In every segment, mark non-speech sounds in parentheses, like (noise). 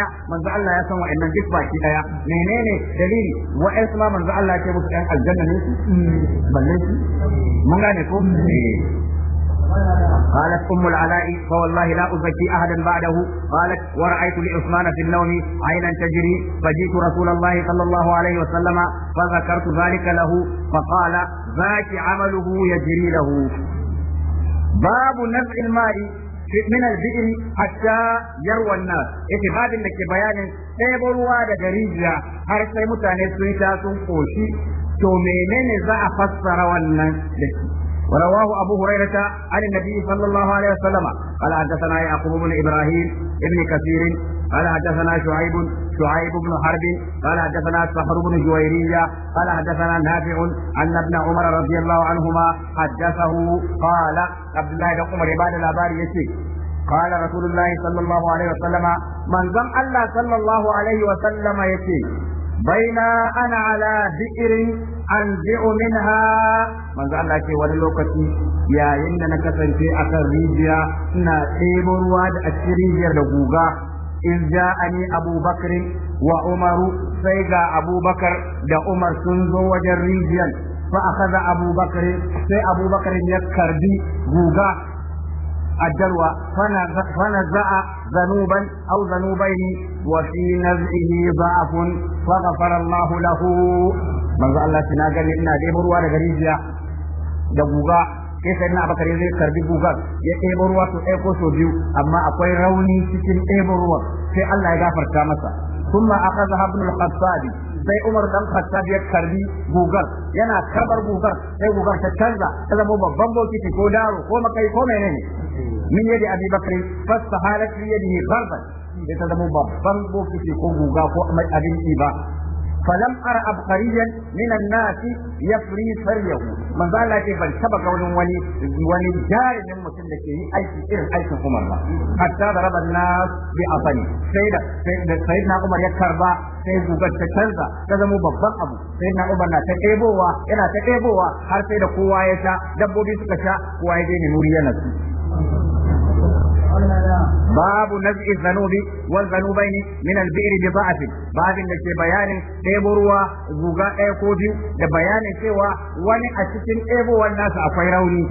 daya manzo Allah ya san wa'annan duk baki daya menene dalili wa'ansu ma manzo Allah ya ce musu ɗan aljanna ne su balle su mun gane ko قالت أم العلاء فوالله لا أزكي أحدا بعده قالت ورأيت لعثمان في النوم عينا تجري فجئت رسول الله صلى الله عليه وسلم فذكرت ذلك له فقال ذاك عمله يجري له باب نفع الماء min al-bi'in hatta yarwa an-nas yace babin da ke bayanin ɗebo ruwa daga rijiya har sai mutane sun sha sun koshi to menene za a fassara wannan da ورواه أبو هريرة عن النبي صلى الله عليه وسلم قال حدثنا يعقوب بن إبراهيم بن كثير قال حدثنا شعيب شعيب بن حرب قال حدثنا سحر بن جويرية قال حدثنا نافع أن ابن عمر رضي الله عنهما حدثه قال عبد الله بن عمر عباد الأبار يسير قال رسول الله صلى الله عليه وسلم من زم الله صلى الله عليه وسلم يتي بين أنا على بئر أنزع منها من زم الله يتي وللوكتي يا إن نكسن في أكل ريجيا نتيب رواد أشريجيا لغوغا إذ جاءني أبو بكر وعمر سيغا أبو بكر دا عمر سنزو وجر ريجيا فأخذ أبو بكر سي أبو بكر يكردي غوغا الدلوى فنزع ذنوبا أو ذنوبين وفي نزعه ضعف فغفر الله له من قال الله تناقل لنا ديبر وانا غريزيا دبوغا sai sai na bakare zai karbi guga. ya ɗebo ruwa su ɗaya ko biyu amma akwai rauni cikin ɗebo ruwa sai Allah ya gafarta masa kuma aka zahabul qasabi sai Umar dan Khattab ya karbi gugar yana karbar gugar sai gugar ta canza ta zama babban bokiti ko daro ko makai ko menene min yadi Abi Bakr fasahalat li yadihi gharban sai ta zama babban bokiti ko guga ko mai abin ba falam ara abqariyan min an yafri saryahu man zalla ce ban taba kaunin wani wani jarumin mutum da ke yi aiki irin aikin Umar ba hatta da raban nas bi afani sai da sai da Umar ya karba sai zubar ta canza ta zama babban abu sai na Umar na ta ɗebowa yana ta ɗebowa har sai da kowa ya sha dabbobi suka sha kowa ya daina nuri yana su babu naz'i zanubi wal zanubaini min al bi'ri bi da'af babin da ke bayanin ɗebo ruwa guga ɗaya ko biyu da bayanin cewa wani a cikin ɗebowar nasa akwai rauni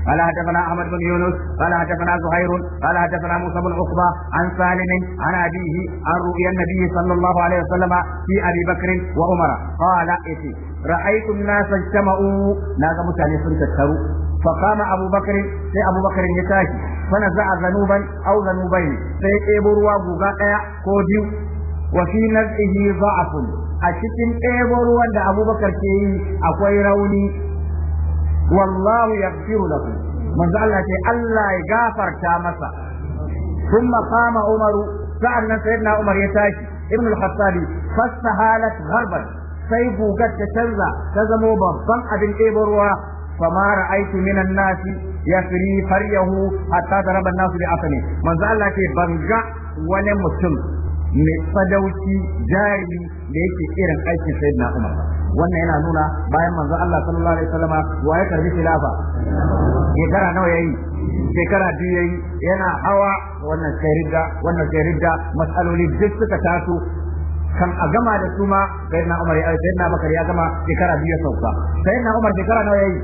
قال حدثنا احمد بن يونس قال حدثنا زهير قال حدثنا موسى بن عقبه عن سالم عن ابيه عن رؤيا النبي صلى الله عليه وسلم في ابي بكر وعمر قال اتي رايت الناس اجتمعوا ناس متاني سن فقام ابو بكر سي ابو بكر يتاشي fana za a zanuban au zanubai sai ɗebo guga ɗaya ko biyu wa fi naz'ihi za'afun a cikin ɗebo ruwan da Abubakar ke yi akwai rauni wallahu yaghfiru lahu manzo Allah ce Allah ya gafarta masa kuma Umaru, Umar sa'an nan sai na Umar ya tashi ibn al fassa fasahalat gharban sai gugar ta canza ta zamo babban abin ɗebo ruwa فما رأيت من الناس يفري فريه حتى taraba nasu bi من ذا Allah ce banga wani mutum mai ليك jari da yake irin aikin sayyidina Umar wannan yana nuna bayan manzo Allah sallallahu alaihi wasallama wa ya karbi khilafa shekara nawa yayi shekara biyu yayi yana hawa wannan sai wannan sai masaloli kan a gama da suma sayyidina Umar ya sayyidina bakari ya gama shekara biyu sauka sayyidina Umar shekara nawa yayi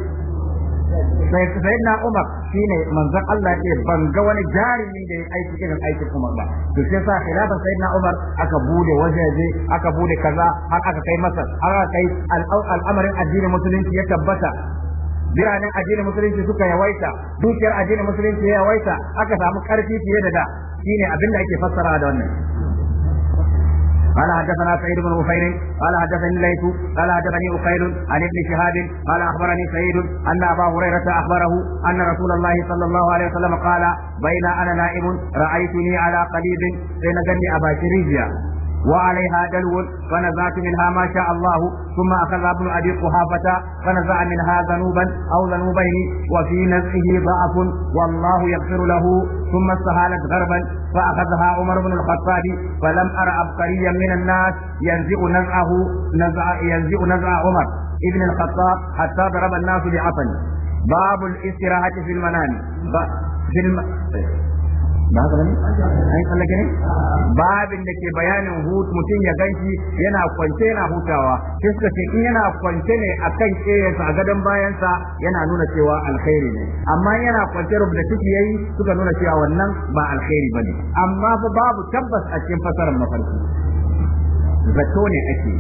sai na Umar shine manzon Allah ya ce ban ga wani jarumi da ya aiki irin aikin Umar ba to sai sa khilafin na Umar aka bude wajaje aka bude kaza har aka kai masa har aka kai al'amarin addinin musulunci ya tabbata biranen addinin musulunci suka yawaita dukiyar addinin musulunci ya yawaita aka samu karfi fiye da da shine abin da ake fassara da wannan قال حدثنا سعيد بن بخير قال حدثني الليث قال حدثني أخيل عن ابن شهاب قال أخبرني سعيد أن أبا هريرة أخبره أن رسول الله صلى الله عليه وسلم قال بين أنا نائم رأيتني على قليب بين جنب أبا شريجيا وعليها دلو فنزعت منها ما شاء الله ثم أخذ ابن أبي قحافة فنزع منها ذنوبا أو ذنوبين وفي نزعه ضعف والله يغفر له ثم استهالت غربا فأخذها عمر بن الخطاب فلم أر عبقريا من الناس ينزع نزعه نزع ينزع نزع عمر ابن الخطاب حتى ضرب الناس بعصا باب الاستراحة في المنام في الم... ba haka bane an tsallake ne babin da ke bayanin hutu mutum ya ganshi yana kwance yana hutawa sai suka ce in yana kwance ne a kan keyansa a gadon bayansa yana nuna cewa alkhairi ne amma yana kwance da ciki yayi suka nuna cewa wannan ba alkhairi bane amma fa babu tabbas a cikin fasarar mafarki zato ne ake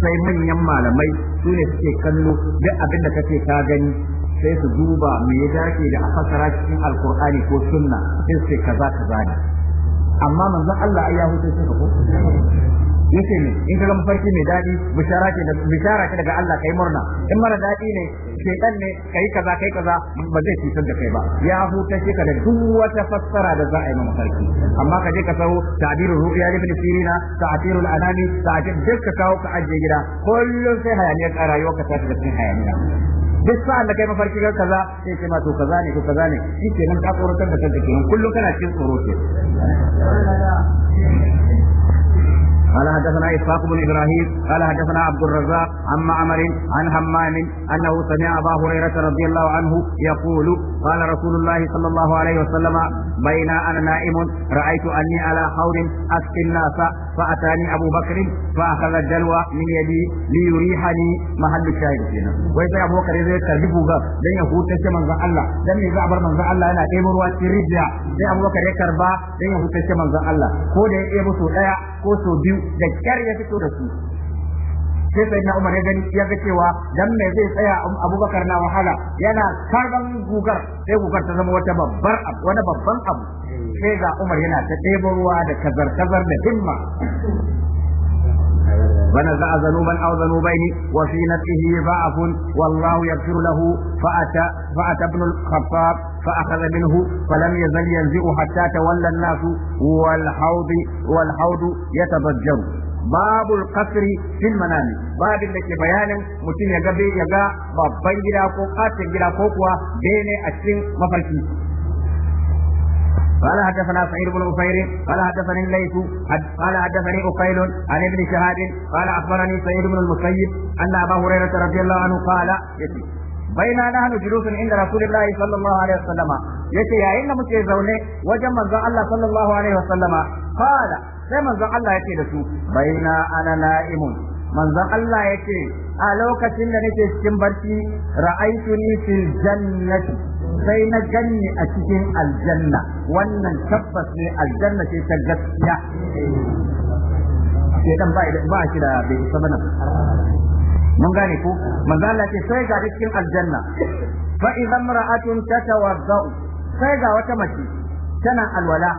sai manyan malamai su ne suke kallo duk abin da kace ka gani sai su duba me ya dace da a fasara cikin alkur'ani ko sunna sai su kaza kaza ne amma manzon Allah ya sai ka ko yace ne in kaga mafarki mai dadi bishara ce bishara ce daga Allah kai murna in mara dadi ne shaytan ne kai kaza kai kaza ba zai cutar da kai ba ya huta ka da duk wata fassara da za a yi mafarki amma ka je ka sau ta'birul ru'ya ibn sirina ta'birul anami ta'bir duk ka kawo ka ajiye gida kullum sai hayaniyar rayuwa ka tafi da cikin hayaniya duk sa'an da kai mafarki ga kaza sai ce ma to kaza ne to kaza ne shi kenan ka tsoratar da kanka kenan kullum kana cikin tsoro ke قال حدثنا إسحاق بن إبراهيم قال حدثنا عبد الرزاق عن معمر عن همام أنه سمع أبا هريرة رضي الله عنه يقول قال رسول الله صلى الله عليه وسلم بين أنا نائم رأيت أني على حوض أسقي الناس فأتاني أبو بكر فأخذ الجلوى من يدي ليريحني محل الشاهد فينا وإذا أبو بكر إذا يترجبه لن يهوت من الله لن يزعبر من الله أنا تيمر واتريد sai Abu Bakar ya karba dan ya hutar manzon Allah ko da ya ɗebo so ɗaya ko so biyu da kyar ya fito da su sai sai Umar ya gani ya ga cewa dan me zai tsaya Abubakar na wahala yana karban gugar sai gugar ta zama wata babbar abu wani babban abu sai ga Umar yana ta ɗebo da kazar kazar da himma ونزع ذنوبا أو ذنوبين وفي نفسه ضعف والله يغفر له فأتى, فأتى ابن الخطاب فأخذ منه فلم يزل ينزع حتى تولى الناس والحوض والحوض يتضجر babul kasri fil manami babin da ke bayanin mutum ya ga ya ga babban gida ko katin gida ko kuwa bene a cikin mafarki قال حدثنا سعيد بن عفير قال حدثني الليث قال حدثني أقيل عن ابن شهاب قال أخبرني سعيد بن المسيب أن أبا هريرة رضي الله عنه قال بين نحن جلوس عند رسول الله صلى الله عليه وسلم yace yayin da muke zaune wajen manzon Allah sallallahu alaihi wasallama fala sai manzon Allah yace da su baina ana na'imun manzon Allah yace a lokacin da nake cikin barci ra'aituni fil jannati sai na ganni a cikin aljanna wannan tabbas ne aljanna ce ta gaskiya ke dan ba shi da bai isa mun gane ko manzo Allah ce sai ga cikin aljanna fa idan ra'atun tatawadda sai ga wata mace tana alwala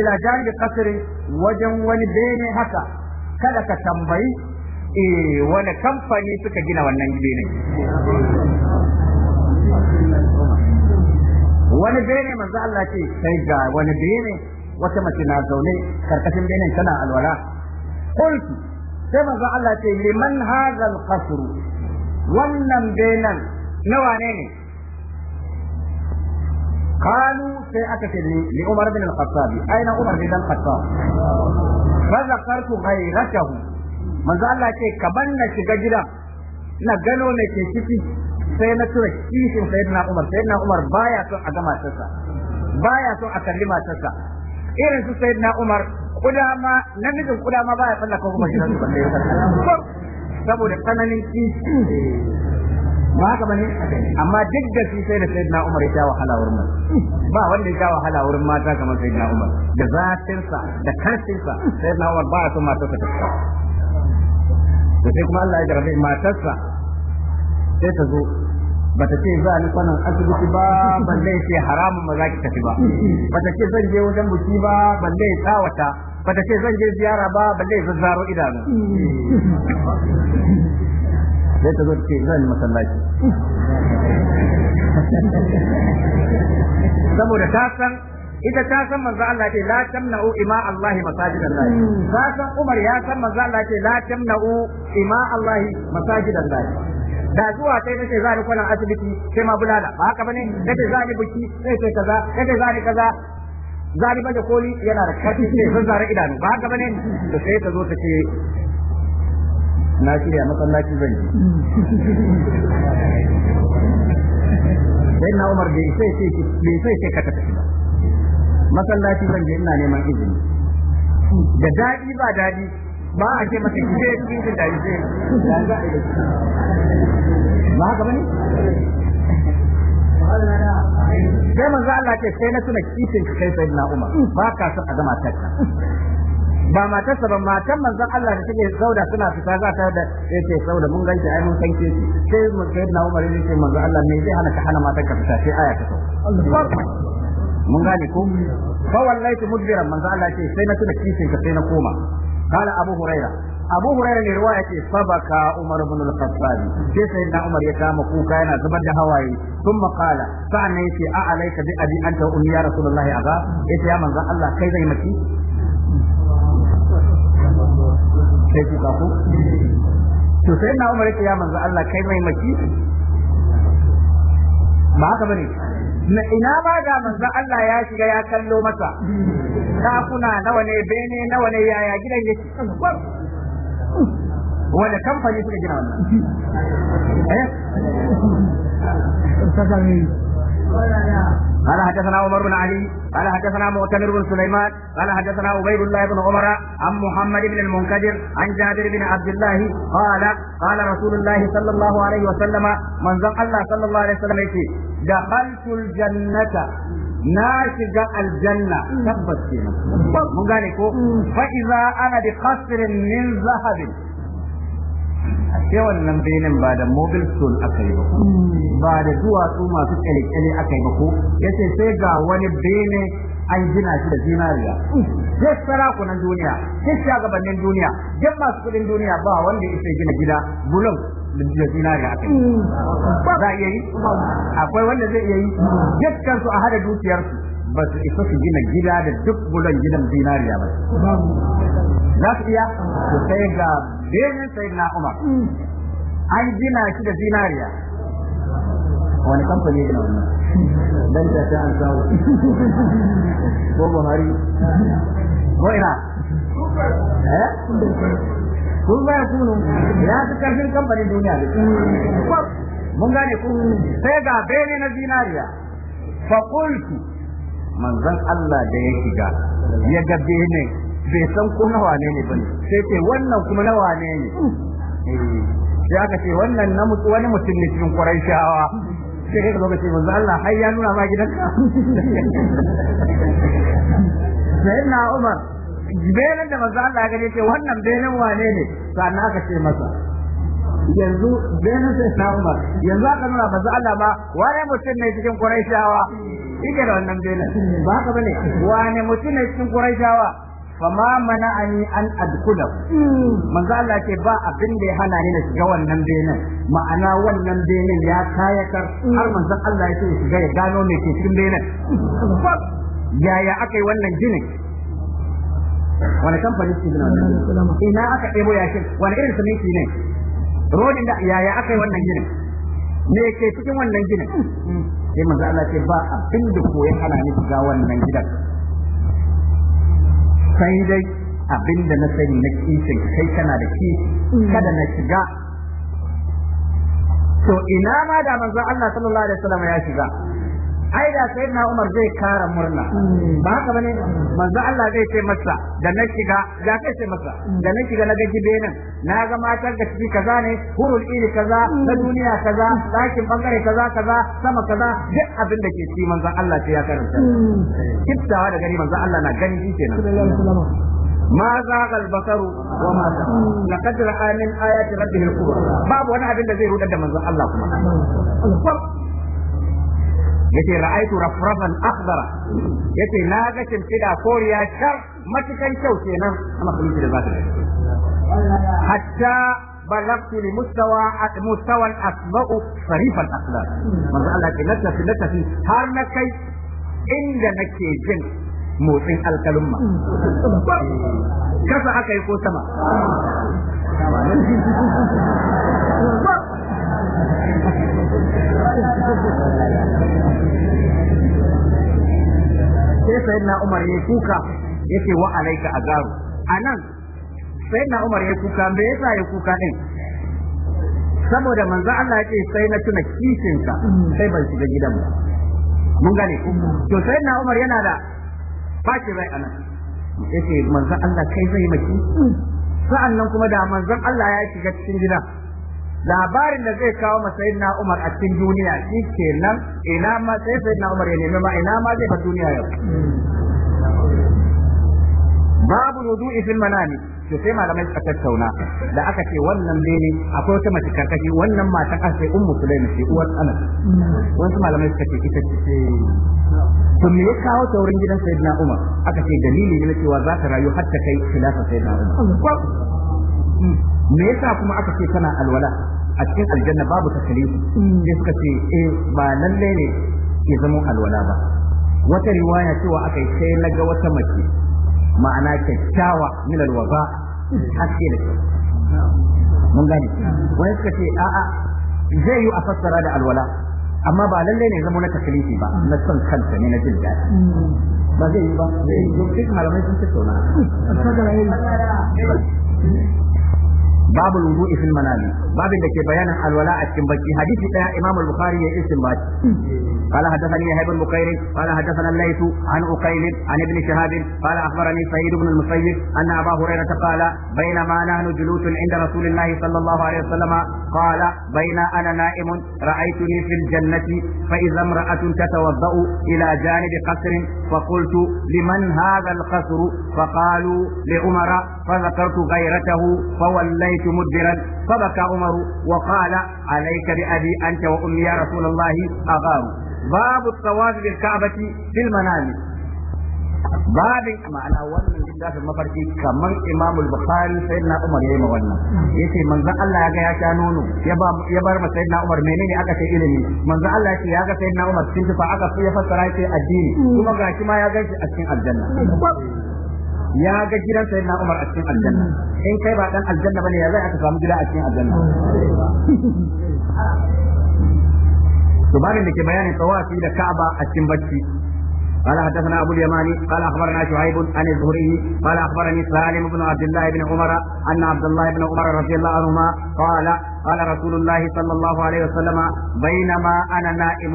ila janibi qasri wajen wani bene haka kada ka tambayi eh wani kamfani suka gina wannan bene wani bene manzo Allah ce sai ga wani bene wata mace na zaune karkashin benen tana alwala Kulki sai manzo Allah ce liman hadha al wannan benen na wane ne Umar bin أكثر لعمر aina Umar bin عمر بن الخطاب فذكرت غيرته manzo Allah ce ka na shiga gidan, na gano me ke ciki sai na tura kishin sayyidina Umar sayyidina Umar baya son a gama matarsa baya son a kalli matarsa irin su sayyidina Umar kudama namijin kudama baya ko kuma shi su balle saboda tsananin kishi ba haka bane amma duk da shi sai da sayyidina Umar ya wahala wurin ba wanda ya wahala wurin mata kamar sayyidina Umar da zatin sa da karfin sa sayyidina Umar ba son matarsa ta to sai kuma Allah ya jarabe matarsa sai ta zo bata ce za ni kwanan asibiti ba balle ce haramun ma za ki tafi ba bata ce zan je wajen buki ba dai tsawata bata ce zan je ziyara ba balle zazzaro idanu sai ta zo ta ce zan masallaci saboda ta san ita ta san manzo Allah ce la tamna'u ima Allah masajid Allah ta san Umar ya san manzo Allah ce la tamna'u ima Allah masajid Allah da zuwa sai ce za ni kwanan asibiti sai ma bulala ba haka bane ce za ni biki sai sai kaza ce za ni kaza za ni baje koli yana da kashi sai sun zara idanu ba haka bane da sai ta zo ta ce na shirya masallaci zan yi. sai na Umar bai sai sai bai sai sai ka tafi ba masallaci zan je ina neman izini da dadi ba dadi ba a ce masa kije kije da yi. ba haka bane sai manzo Allah ke sai na tuna kifin kai sai na Umar ba ka san a gama takka ba matarsa ba matan manzon Allah da take sauda suna fita za ta da yace sauda mun ganki ai mun san ke shi sai mun sai na Umar yace manzon Allah me zai hana ka hana matar ka fita sai aya ta sauka mun gane ko fa wallahi mudbiran manzon Allah ce sai na tuna kishin ka sai na koma قال أبو هريرة أبو هريرة لرواية سبق عمر بن الخطاب في سيدنا عمر يتام كوكا أنا زبد هواي ثم قال فعني في أعليك بأبي أنت وأمي يا رسول الله أبا إيش يا من الله كيف يمشي كيف يقفو to sai na umar ya manzo Allah kai mai maki ba haka bane na ina ma da manzon Allah ya shiga ya kallo masa dakuna nawa ne bene nawa ne yaya gidan yake wanda kamfani suka gina wannan eh قال حدثنا عمر بن علي قال حدثنا مؤتمر بن سليمان قال حدثنا عبيد الله بن عمر عن محمد بن المنكدر عن جابر بن عبد الله قال قال رسول الله صلى الله عليه وسلم من زق الله صلى الله عليه وسلم دخلت الجنة na shiga aljanna tabbas kenan mun gane ko fa iza ana bi qasrin min zahabin ashe wannan benin ba da mobil stone aka yi ba hmm. ba da duwatsu masu kyalikyali aka yi ba ko ce sai ga wani bene an gina shi da zinariya hmm. duk sarakunan duniya duk shagabannin duniya duk masu kudin duniya ba wanda ya gina gida bulon da zinariya aka yi hmm. za iya yi akwai wanda zai iya yi dukkan su a hada dukiyarsu ba su isa su gina gida da duk bulon gidan zinariya ba za su iya to sai ga benin sai na umar an gina shi da zinariya wani kamfani ne wannan dan ta ta an sawo ko buhari ko ina eh kun ba kunu ya fi karfin kamfanin duniya ne mun gane kun sai ga bene na zinariya fa kulki manzon Allah da ya shiga ya ga bene bai san ko na wane ne bane sai ce wannan kuma na wane ne sai eh, aka ce wannan na mutu wani mutum ne cikin kwarai shawa sai kai ka ce manzo Allah har ya nuna ma ka (laughs) sai na Umar benin da manzo Allah ya ce wannan benin wane ne sannan aka ce masa yanzu benin sai na Umar yanzu aka nuna manzo Allah ba wani mutum ne cikin kwarai shawa ike da wannan benin ba ka bane wane mutum ne cikin kwarai shawa fama mana ani an adkula hmm. manzo Allah ke ba abin da ya hana ni na shiga wannan benin ma'ana wannan benin ya kayatar hmm. har manzo Allah ya ce shiga ya gano me ke cikin benin yaya aka yi wannan ginin wani kamfani su gina wannan ina aka ɗebo yakin wani irin siminti ne rodin da yaya aka yi wannan ginin me ke cikin wannan ginin hmm. sai manzo Allah ce ba abin da ko ya hana ni shiga wannan gidan sai dai abinda na sani na kishin kai kana da kishi kada na shiga to ina ma da manzo Allah sallallahu alaihi wasallam ya shiga ai da sai na Umar zai kara murna hmm. ba haka bane manzo Allah zai ce masa da na shiga ya kai ce masa hmm. da na shiga na ga gibenin na ga matar da ciki kaza ne hurul ili kaza hmm. na duniya kaza dakin bangare kaza kaza sama kaza duk abin da ke ci manzo Allah sai ya karanta kiftawa da gari manzo Allah na gani shi kenan ما زاغ البصر وما زاغ لقد رأى من آيات ربه الكبرى باب وانا أبن ذي رودة من الله كما yace ra'aitu rafrafan akhdara yace na ga shimfida koriya shar matukan kyau kenan a makhluki da zaka hatta بلغت لمستوى مستوى الاسماء صريف الاخلاق. ما قال لك نتفي نتفي هل kai inda nake jin motsin alkalumma kasa aka yi ko sama sai sayyidina Umar ya kuka yace wa garu. A anan sayyidina Umar ya kuka me yasa ya kuka din saboda manzo Allah ya ce sai na tuna kishinka sai ban shiga gidan ba mun gane to sayyidina Umar yana da baki rai anan yace manzo Allah kai zai maki sa'an nan kuma da manzon Allah ya shiga cikin gidan labarin da zai kawo ma na Umar a cikin duniya shi nan, ina ma sai na Umar ya nemi ma ina ma zai fa duniya yau babu wudu'i fil manami to sai malamai suka tattauna da aka ce wannan bene akwai wata mace karkashi wannan matan an sai ummu sulaimi ce uwar anas wasu malamai suka ce ita ce to me ya kawo ta wurin gidan sayyidina umar aka ce dalili ne na cewa za ta rayu har ta kai khilafa sayyidina umar me yasa kuma aka ce tana alwala a cikin aljanna babu takalifi sai suka ce eh ba lallai ne ya zama alwala ba wata riwaya cewa aka yi sai na ga wata mace ma'ana kyakkyawa min alwaza haske da mun gane wani suka ce a'a zai yi a fassara da alwala amma ba lallai ne zama na takalifi ba na son kanta ne na jin daɗi ba zai yi ba zai yi duk malamai sun tattauna babul wudu'i fil manami babin da ke bayanin alwala a cikin bacci hadisi daya imam al-bukhari ya istinbat قال حدثني يحيى بن بكير قال حدثنا الليث عن عقيل عن ابن شهاب قال اخبرني سعيد بن المسيب ان ابا هريره قال بينما نحن جلوس عند رسول الله صلى الله عليه وسلم قال بين انا نائم رايتني في الجنه فاذا امراه تتوضا الى جانب قصر فقلت لمن هذا القصر فقالوا لعمر فذكرت غيرته فوليت مدبرا فبكى عمر وقال عليك بابي انت وامي يا رسول الله اغار babu tsawafi bil ka'bati fil manami babin ma'ana wannan littafin mafarki kamar imamu bukhari sai na umar ya yi ma wannan yace manzon Allah ya ga ya sha nono ya bar ma sayyidina umar menene aka ce ilimi manzon Allah ya ce sayyidina umar cikin tufa aka so ya fassara addini kuma gashi ya ganshi a aljanna ya ga gidan sayyidina umar a aljanna in kai ba dan aljanna bane ya zai aka samu gida a aljanna to babin da ke bayanin tawafi da Ka'aba a cikin bacci قال حدثنا ابو اليماني قال اخبرنا شعيب عن الزهري قال اخبرني سالم بن عبد الله بن عمر ان عبد الله بن عمر رضي الله عنهما قال قال رسول الله صلى الله عليه وسلم بينما انا نائم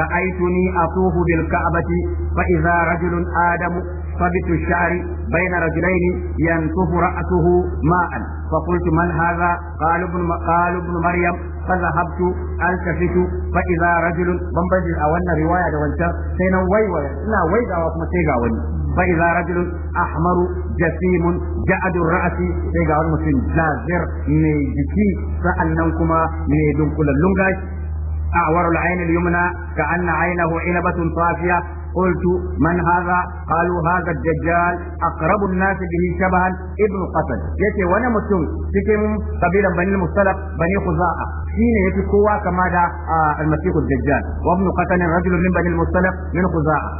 رايتني اطوف بالكعبه فاذا رجل ادم صبت الشعر بين رجلين ينتف راسه ماء فقلت من هذا قال ابن قال ابن مريم فذهبت التفت فاذا رجل a wannan riwaya روايه ده sai سينا ويوي ina waidawa kuma sai ga wani fa idza rajulun ahmaru jasimun Ja'adun, Ra'asi sai ga wani mutum jazir mai jiki sa'annan kuma mai dunkulallun gashi أعور العين اليمنى كأن عينه عنبة صافية قلت من هذا قالوا هذا الدجال أقرب الناس به شبها ابن قتل يتي وانا متون تكم قبيلا بني المصطلق بني خزاعة حين يتي قوة كما دا المسيح الدجال وابن قتل رجل من بني المصطلق من خزاعة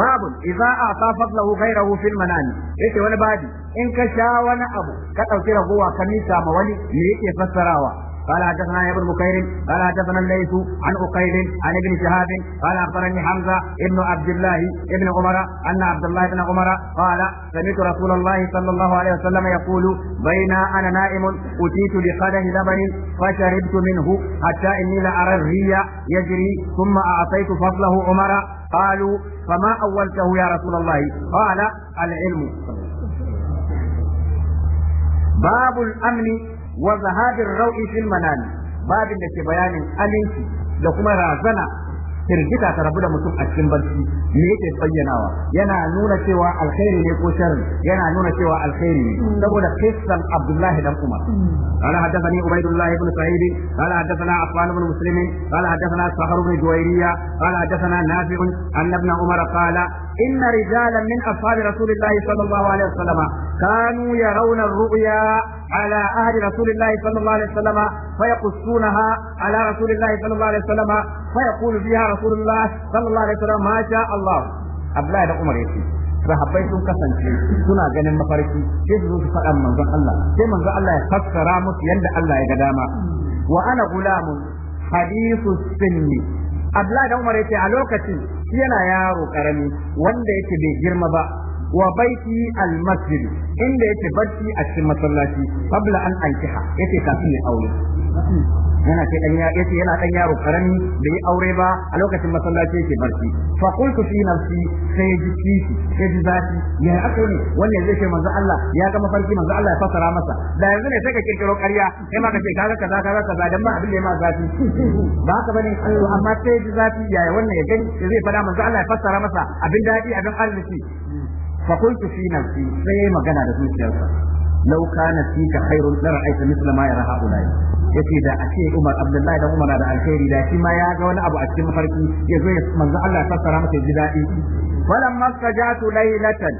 باب إذا أعطى فضله غيره في المنام يتي وانا بادي إن كشا وانا أبو كتو تيرا قوة كميسا مولي ليكي فسراوا قال حدثنا ابن بكير قال حدثنا الليث عن أقيل عن ابن شهاب قال أخبرني حمزة ابن عبد الله ابن عمر أن عبد الله بن عمر قال سمعت رسول الله صلى الله عليه وسلم يقول بين أنا نائم أتيت بقدح لبن فشربت منه حتى إني لأرى الري يجري ثم أعطيت فضله عمر قالوا فما أولته يا رسول الله قال العلم باب الأمن wa zahabir rau'i fil manami babin da ke bayanin alinci da kuma razana firgita ta rabu da mutum a cikin barci me yake bayyanawa yana nuna cewa alkhairi ne ko sharri yana nuna cewa alkhairi ne mm. saboda kissan Abdullahi dan Umar qala hadathani Ubaydullah ibn Sa'id qala hadathana Affan ibn Muslim qala hadathana Sahar ibn Juwayriya qala hadathana Nafi' an ibn Umar qala إن رجالا من أصحاب رسول الله صلى الله عليه وسلم كانوا يرون الرؤيا على عهد رسول الله صلى الله عليه وسلم فيقصونها على رسول الله صلى الله عليه وسلم فيقول فيها رسول الله صلى الله عليه وسلم ما شاء الله Abdullahi da Umar yake sahabbai sun kasance suna ganin mafarki sai su zo su faɗa manzon Allah sai manzon Allah ya fassara musu yadda Allah ya ga dama wa ana gulamu hadithu sinni Abdullahi da Umar yake a lokacin yana yaro karami wanda yake bai girma ba wa baiti al masjid inda yake barci a cikin masallaci qabla an ankiha yake kafin ya aure yana ce dan ya yace yana dan yaro karami da yi aure ba a lokacin masallaci yake barci fa qultu fi nafsi sai ji kishi sai ji zafi ya aka ne wannan zai ce manzo Allah ya ga mafarki manzo Allah ya fasara masa da yanzu ne sai ka kirkiro ƙarya sai ma ka ta kaga kaza kaza kaza dan ma abin da ma zafi ba ka bane amma sai ji zafi ya wannan ya gani zai fada manzo Allah ya fasara masa abin dadi abin arziki fa kuntu fi nafsi sai magana da zuciyarsa law kana fika khairun la ra'aita misla ma yara haula yace da ake Umar Abdullahi da Umar da alkhairi da shi ma ya ga wani abu a cikin farki ya zo ya manzo Allah ya fassara masa ji dadi falamma sajatu laylatan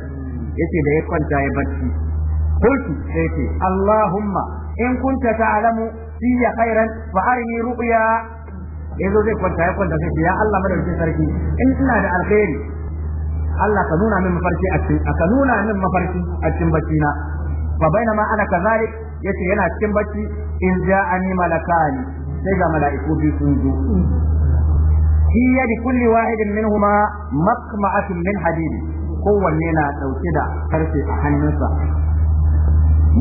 yace da ya kwanta ya barci قلت سيتي اللهم إن كنت تعلم في خيرا فأرني رؤيا yanzu zai kwanta ya kwanta sai ya Allah madaukakin sarki in ina da alkhairi Allah ka nuna min mafarki a cikin ka nuna min mafarki a cikin bacci na fa bainama ana kazalik yace yana cikin bacci in ja'ani malakani sai ga mala'iku biyu sun zo fi bi kulli wahidin minhuma maqma'atun min hadid kowanne na dauke da karfe a hannunsa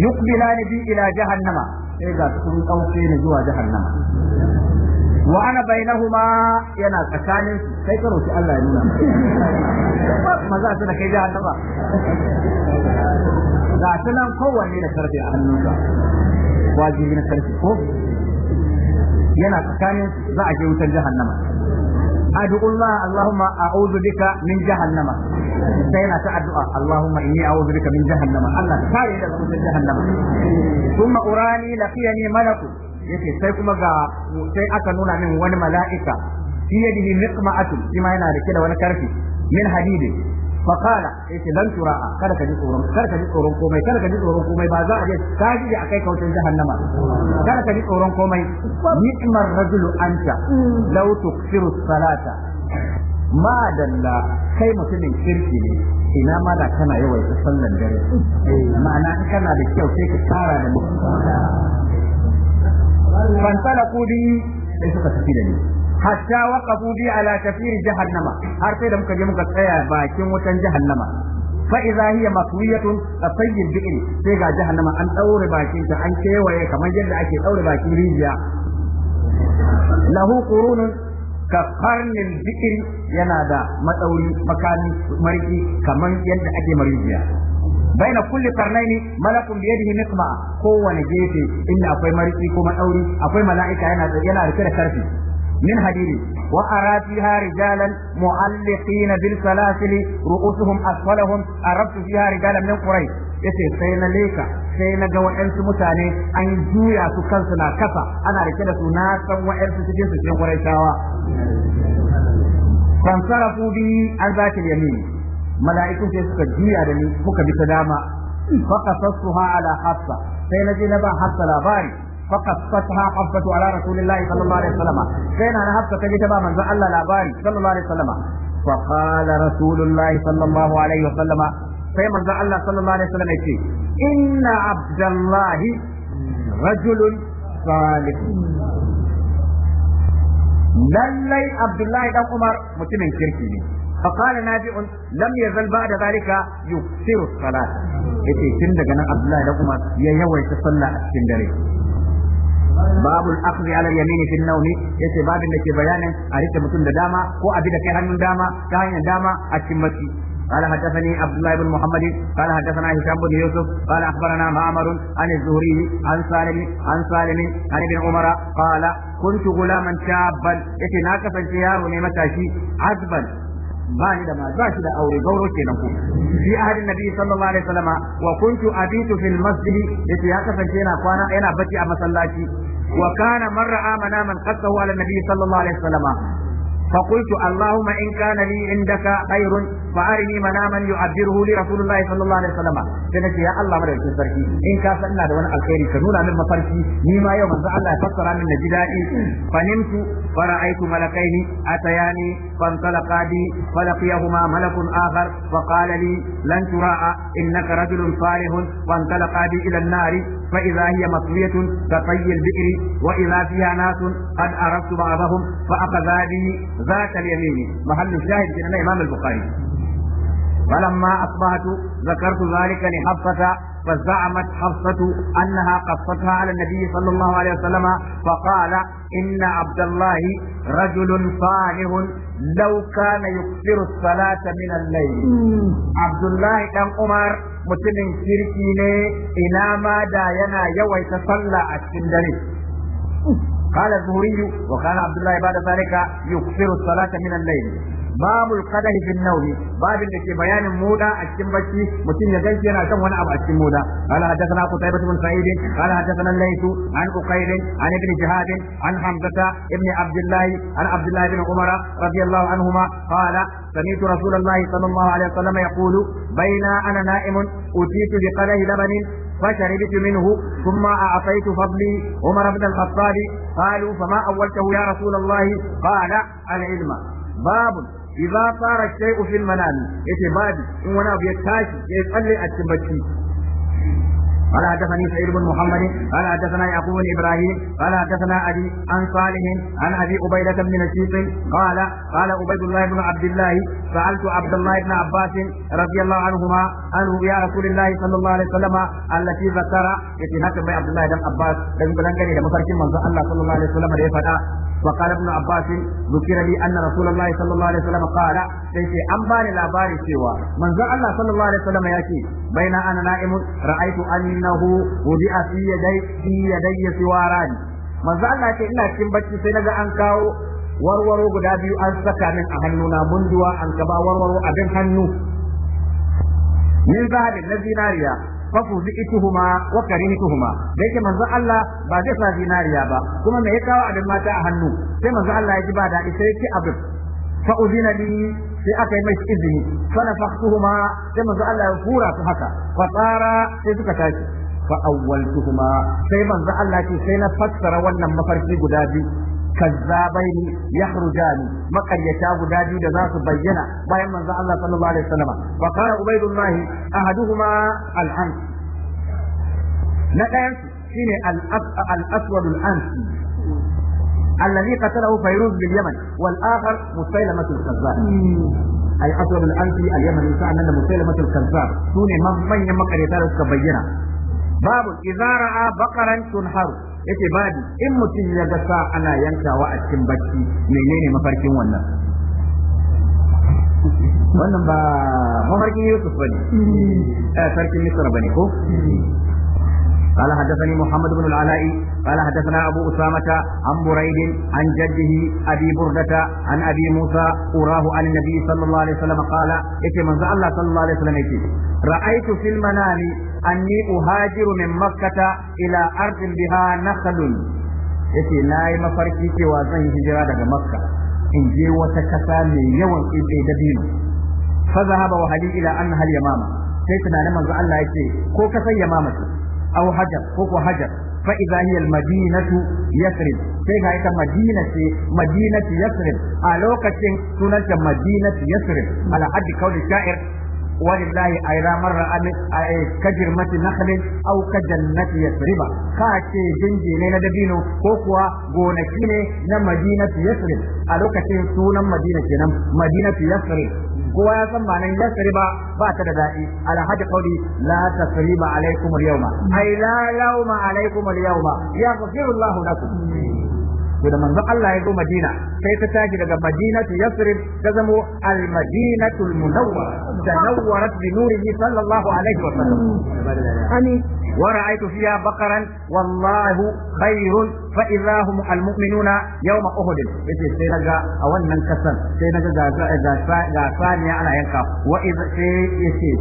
yukbilani bi ila jahannama sai ga sun kauce ni zuwa jahannama wa ana bainahuma yana tsakanin sai karo roki Allah ya nuna maza su da kai jahannama ga su nan kowanne da karfe a hannunsa wajibi na karfe ko yana tsakanin za a je wutar jahannama أدعو الله اللهم أعوذ بك من جهنم سينا تأدعى اللهم إني أعوذ بك من جهنم الله كاري لك من جهنم ثم أراني لقيني ملك yake sai kuma ga sai aka nuna min wani mala'ika fi yadihi miqma'atun shi ma yana rike da wani karfi min hadidi faqala yace lan tura'a kada ka ji tsoron kada ka ji tsoron komai kada ka ji tsoron komai ba za a je ka ji da akai kaucin jahannama kada ka ji tsoron komai ni'mar rajulu anta law tuksiru salata ma dalla kai mutumin kirki ne ina ma da kana yawaita sallan dare eh, ma'ana kana da kyau sai ka tara da mutum fantalaqu bi sai suka tafi da ni hatta waqafu bi ala kafir jahannama har sai da muka je muka tsaya bakin wutan jahannama fa idza hiya maswiyatun tasayyib bi'in sai ga jahannama an daure bakin ta an kewaye kamar yadda ake daure bakin rijiya lahu qurunun ka karnin bi'in yana da matsauri makami mariki kamar yadda ake marijiya baina kulli qarnaini malakun bi yadihi miqma kowane gefe inda akwai mariki ko madauri akwai mala'ika yana yana rike da karfi من حديد وأرى فيها رجالا معلقين بالسلاسل رؤوسهم أسفلهم أربت فيها رجالا من قريش yace sai na leka sai na ga wa'ansu mutane an juya su kansu na kasa ana rike da su na san wa'ansu cikin su cikin ƙwarai shawa fansarafu an zaki yamini mala'ikun sai suka juya da ni muka bi ta dama faqasasuha ala hafsa sai na je na ba hafsa labari faqasatha hafsatu ala rasulillahi sallallahu alaihi wasallam sai na hafsa ta je ta ba manzo Allah labari sallallahu alaihi wasallam فقال رسول الله صلى الله عليه وسلم sai manzo Allah sallallahu alaihi wasallam yace inna abdallahi rajulun salih lallai abdullahi dan umar mutumin kirki ne فقال نافع لم يزل بعد ذلك يكثر الصلاة yace tun daga nan Abdullahi da Umar ya yawaita sallah a cikin dare babu al-akhdhi ala al-yamin fi an yace babin da ke bayanin a rike mutum da dama ko abi da kai hannun dama ta hanyar dama a cikin maci قال حدثني عبد الله بن محمد قال حدثنا هشام بن يوسف قال اخبرنا معمر عن الزهري عن سالم عن سالم عن ابن عمر قال كنت غلاما شابا يتناكفا شيار متاشي عذبا ba ni da ma ba shi da aure gauro kenan ko fi ahadin nabi sallallahu alaihi wasallama wa kuntu abitu fil masjid yace ya kasance yana kwana yana bacci a masallaci wa kana marra amana man qassahu ala nabi sallallahu alaihi wasallama فقلت اللهم إن كان لي عندك خير فأرني مناما يعبره لي رسول الله صلى الله عليه وسلم سنتي يا الله مرة تسركي إن كان سنة دون الخير كنونا من مفركي مما يوم الله فسر من جدائي فنمت فرأيت ملكين أتياني فانطلقا بي فلقيهما ملك آخر فقال لي لن تراء إنك رجل صالح فانطلقا بي إلى النار فإذا هي مطوية كطي البئر وإذا فيها ناس قد عرفت بعضهم فأخذا به ذات اليمين محل الشاهد من الإمام البخاري فلما أصبحت ذكرت ذلك لحفصة فزعمت حفصة أنها قصتها على النبي صلى الله عليه وسلم فقال إن عبد الله رجل صالح لو كان يكثر الصلاة من الليل عبد الله بن عمر mutumin kirki ne ina ma da yana yawaita sallah a cikin dare قال الزهري وقال عبد الله بعد ذلك يكثر الصلاة من الليل babul qadahi bin nawmi babin da ke bayanin muda a cikin bacci mutum ya ganci yana kan wani abu a cikin muda qala hadathana qutaybah bin sa'id qala hadathana layth an uqayl an ibn jihad an hamzata ibn abdullah an abdullah ibn umar radiyallahu anhuma qala سمعت رسول الله صلى الله عليه وسلم يقول بين انا نائم اتيت بقدح لبن فشربت منه ثم فضلي عمر بن الخطاب قالوا فما يا رسول الله قال العلم باب idza fara shay'u fil manami yace babi in wani abu ya tashi ya tsalle a cikin bacci قال حدثني سعيد بن محمد قال حدثنا يعقوب بن ابراهيم قال حدثنا ابي عن صالح عن ابي عبيده بن نشيط قال قال عبيد الله بن عبد الله سالت عبد الله بن عباس رضي الله عنهما عنه يا رسول الله صلى الله عليه وسلم التي ذكر يتي هكذا عبد الله بن عباس لم بلغني لمفرك من الله صلى الله عليه وسلم ده فقال ابن عباس ذكر لي أن رسول الله صلى الله عليه وسلم قال سيسي أنباري لا باري سوى من ذا الله صلى الله عليه وسلم يأتي بين أنا نائم رأيت أنه وضع في يدي في يدي سواران من ذا الله كإنا كمبتي سينجا أنكاو warwaro guda biyu an saka min a hannuna munduwa an gaba warwaro abin hannu min zahabin na zinariya tuhuma. wa karimtuhuma da yake manzo Allah ba zai sa zinariya ba kuma me ya kawo abin mata a hannu sai manzo Allah ya ji ba daɗi sai ya ci abin fa uzina sai aka yi mai izini fa nafakhtuhuma sai manzo Allah ya fura su haka fa tsara sai suka tashi fa awwaltuhuma sai manzo Allah ce sai na fassara wannan mafarki guda biyu kazzabaini ni, makaryata guda biyu da za su bayyana bayan manzo Allah sallallahu alaihi wasallam fa qala ubaydullah ahaduhuma al na ɗayan shine al-aswad al-ans الذي قتله فيروز باليمن والآخر مسيلمة الكذاب ai aswad al-ansi al-yamani sa'an da musailamah al-kazzab sune manyan makareta da suka bayyana babu idza ra'a yake babi in mutum ya ga sa ana yankawa a cikin bacci menene mafarkin wannan wannan ba mafarkin Yusuf bane eh sarkin Misra bane ko قال حدثني محمد بن العلاء قال حدثنا أبو أسامة عن بريد عن جده أبي بردة عن أبي موسى أراه عن النبي صلى الله عليه وسلم قال إتي من الله صلى الله عليه وسلم إتي رأيت في المنام anni uhajiru min makkata ila ardin biha nakhlun yace nayi mafarki cewa zan yi hijira daga makka in je wata kasa mai yawan ibe da dino fa zahaba wa hali ila anna hal yamama sai tunanin manzo Allah yace ko kasan yamama ce aw hajar ko ko hajar fa madinatu yathrib sai ka ita madina ce madinatu yathrib a lokacin sunanta madinatu yathrib ala haddi kauli sha'ir ولله أيضا مرة كجرمة نخل أو كجنة يثرب كاتي جنجي لنا دبينو كوكوا غونكيني نمدينة يثرب ألوكتين سونا مدينة نم مدينة يثرب kowa ya san ba nan yasri ba ba ta da daɗi alhaji qawli la tasriba alaikum al-yawma ay la yawma Sai da manzon Allah ya zo Madina sai ta tashi daga Madinatu Yasrib ta zamo al-Madinatul Munawwar tanawwarat bi nurihi sallallahu alaihi wa sallam ani wa ra'aytu fiha baqaran wallahu khairun fa idza al-mu'minuna yawma uhud yace sai naga a wannan kasan sai naga ga ga ga saniya ana yanka wa idza sai eh, yace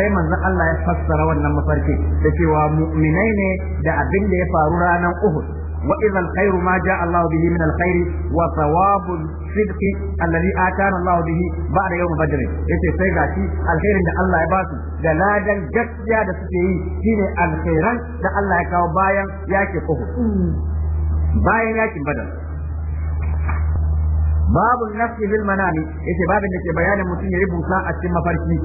sai manzon Allah ya fassara wannan mafarki da cewa mu'minai ne da abin da ya faru ranar Uhud وإذا الخير ما جاء الله به من الخير وثواب الصدق الذي آتانا الله به بعد يوم بدر yace sai gashi alkhairin da Allah ya basu da ladan gaskiya da suke yi shine alheran da Allah ya kawo bayan yake kuhu bayan yakin badar babu nafsi ne manami yace babin da ke bayanin mutum ya yi busa a cikin mafarki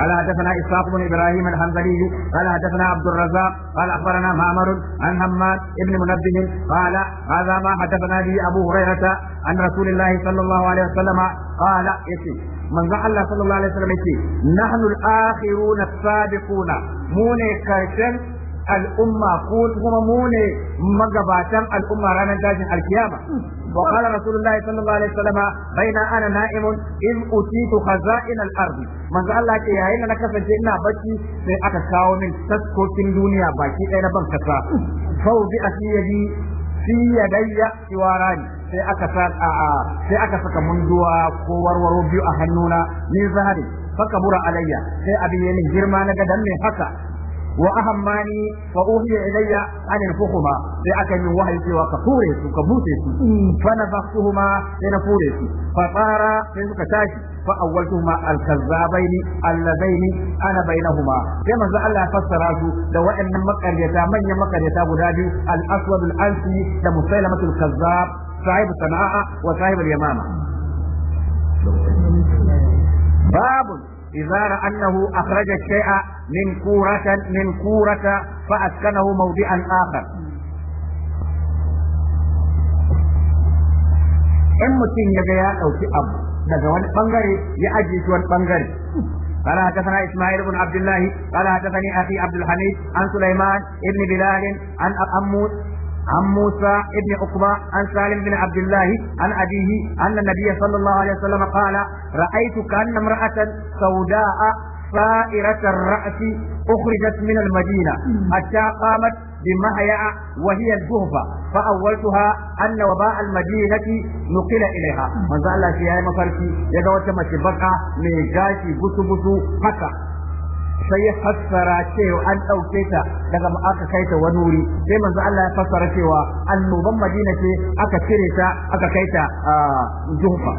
قال حدثنا اسحاق بن ابراهيم الحنظلي قال حدثنا عبد الرزاق قال اخبرنا معمر عن هماد بن منبه قال هذا ما حدثنا به ابو هريره عن رسول الله صلى الله عليه وسلم قال يسي manzo Allah sallallahu alaihi wasallam yake nahnu al-akhirun as-sabiquna mu ne karshen al'umma ko kuma mu ne magabatan al'umma ranar dajin alkiyama وقال رسول الله صلى الله عليه وسلم بين انا نائم اذ اتيت خزائن الارض من قال الله يا هنا انا كفنت ina bacci sai aka kawo min taskokin duniya baki ɗaya na ban kasa fawzi asiyadi fi yadayya siwarani sai aka saka munduwa ko warwaro biyu a hannuna ni zahari faka bura alayya sai abin yayin girma na gadan ne haka wa ahammani wa uhiya ilayya an yanfukhuma sai aka yi wahayi cewa ka fure su ka buse su fa nafakhuhuma sai na fure su fa tsara sai suka tashi fa awwaltuhuma alkazzabaini alladaini ana bainahuma sai manzo Allah ya fassara su da waɗannan makaryata manyan makaryata guda biyu al-aswad al-ansi da musailamatu al-kazzab sahibu sana'a wa sahibu al-yamama babu إذا annahu أنه أخرج الشيء من كورة من كورة فأسكنه موضعا آخر إن مسلم ya أو في أب abu daga بانغري يأجي ya بانغري قال حدثنا اسماعيل بن عبد الله قال حدثني اخي عبد الحميد عن سليمان بن بلال عن أموت عن موسى بن عقبة عن سالم بن عبد الله عن أبيه أن النبي صلى الله عليه وسلم قال رأيت كأن امرأة سوداء فائرة الرأس أخرجت من المدينة حتى قامت بمهيأ وهي الجهفة فأولتها أن وباء المدينة نقل إليها من ذا الله شيئا مفرشي يدوى كما شبكة من جاشي بسو بسو حكا sai ya fassara cewa an ɗauke ta daga aka kai ta wani wuri sai manzo Allah ya fassara cewa annoban Madina ce aka cire ta aka kai ta Juhfa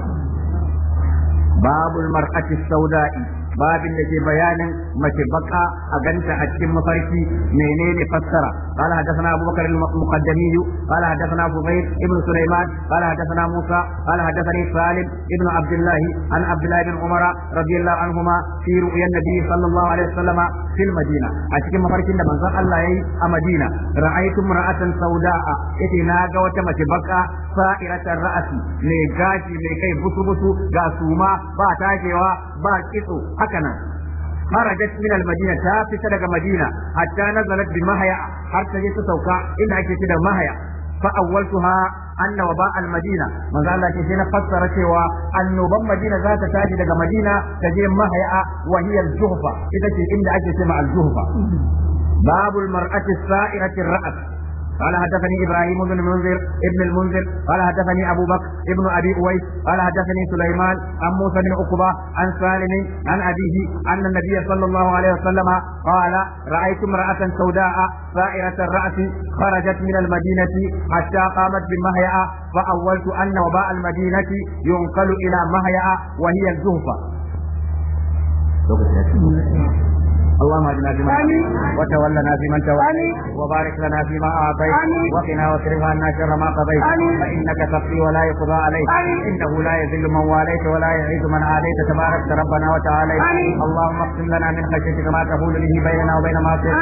babul mar'ati sauda'i babin da ke bayanin mace baka a ganta a cikin mafarki menene fassara qala hadathana abubakar al-muqaddami qala hadathana fubayr ibn sulaiman qala hadathana musa qala hadathani salim ibn abdullah an abdullah ibn umara radiyallahu anhuma fi ru'ya nabi sallallahu alaihi wasallam fi madina a cikin mafarkin da manzon Allah yayi a madina ra'aytu mar'atan sauda'a yace na ga wata mace baka sa'iratan ra'asi mai gashi mai kai busu busu ga suma ba takewa ba kitso Hakanan nan kharajat min al-madina ta fita daga madina hatta nazalat bi mahaya har ta je ta sauka inda ake ce da mahaya fa awwaltuha anna waba al-madina manzo Allah ce sai na fassara cewa annoban madina za ta tashi daga madina ta je mahaya wa hiya al-juhfa ita ce inda ake ce ma al-juhfa babul mar'ati sa'irati ar-ra's قال حدثني ابراهيم بن المنذر ابن المنذر قال حدثني ابو بكر ابن ابي اويس قال حدثني سليمان عن موسى بن عقبه عن سالم عن ابيه ان النبي صلى الله عليه وسلم قال رايت امراه سوداء سائرة الراس خرجت من المدينه حتى قامت بمهيا فاولت ان وباء المدينه ينقل الى مهيا وهي الزهفه اللهم اجعلنا فيمن وتولنا فيمن توليت وبارك لنا فيما اعطيت وقنا واصرف عنا شر ما قضيت فانك تقضي ولا يقضى عليك انه لا يذل من واليت ولا يعز من عاديت تبارك ربنا وتعالى اللهم اقسم لنا من خشيتك ما تحول به بيننا وبين معصيتك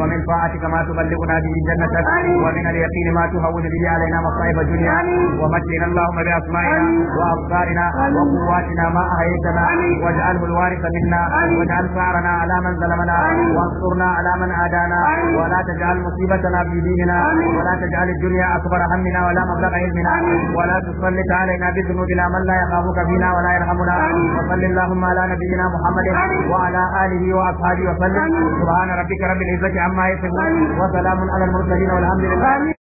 ومن طاعتك ما تبلغنا به جنتك ومن اليقين ما تهون به علينا مصائب الدنيا ومجدنا اللهم باسمائنا وابصارنا وقواتنا ما احييتنا واجعله الوارث منا واجعل ثارنا على من ظلم أيامنا وانصرنا على من عادانا ولا تجعل مصيبتنا في ديننا ولا تجعل الدنيا أكبر همنا ولا مبلغ علمنا ولا تسلط علينا بذنوبنا من لا يخافك فينا ولا يرحمنا وصل اللهم على نبينا محمد وعلى آله وأصحابه وسلم سبحان ربك رب العزة عما يصفون وسلام على المرسلين والحمد لله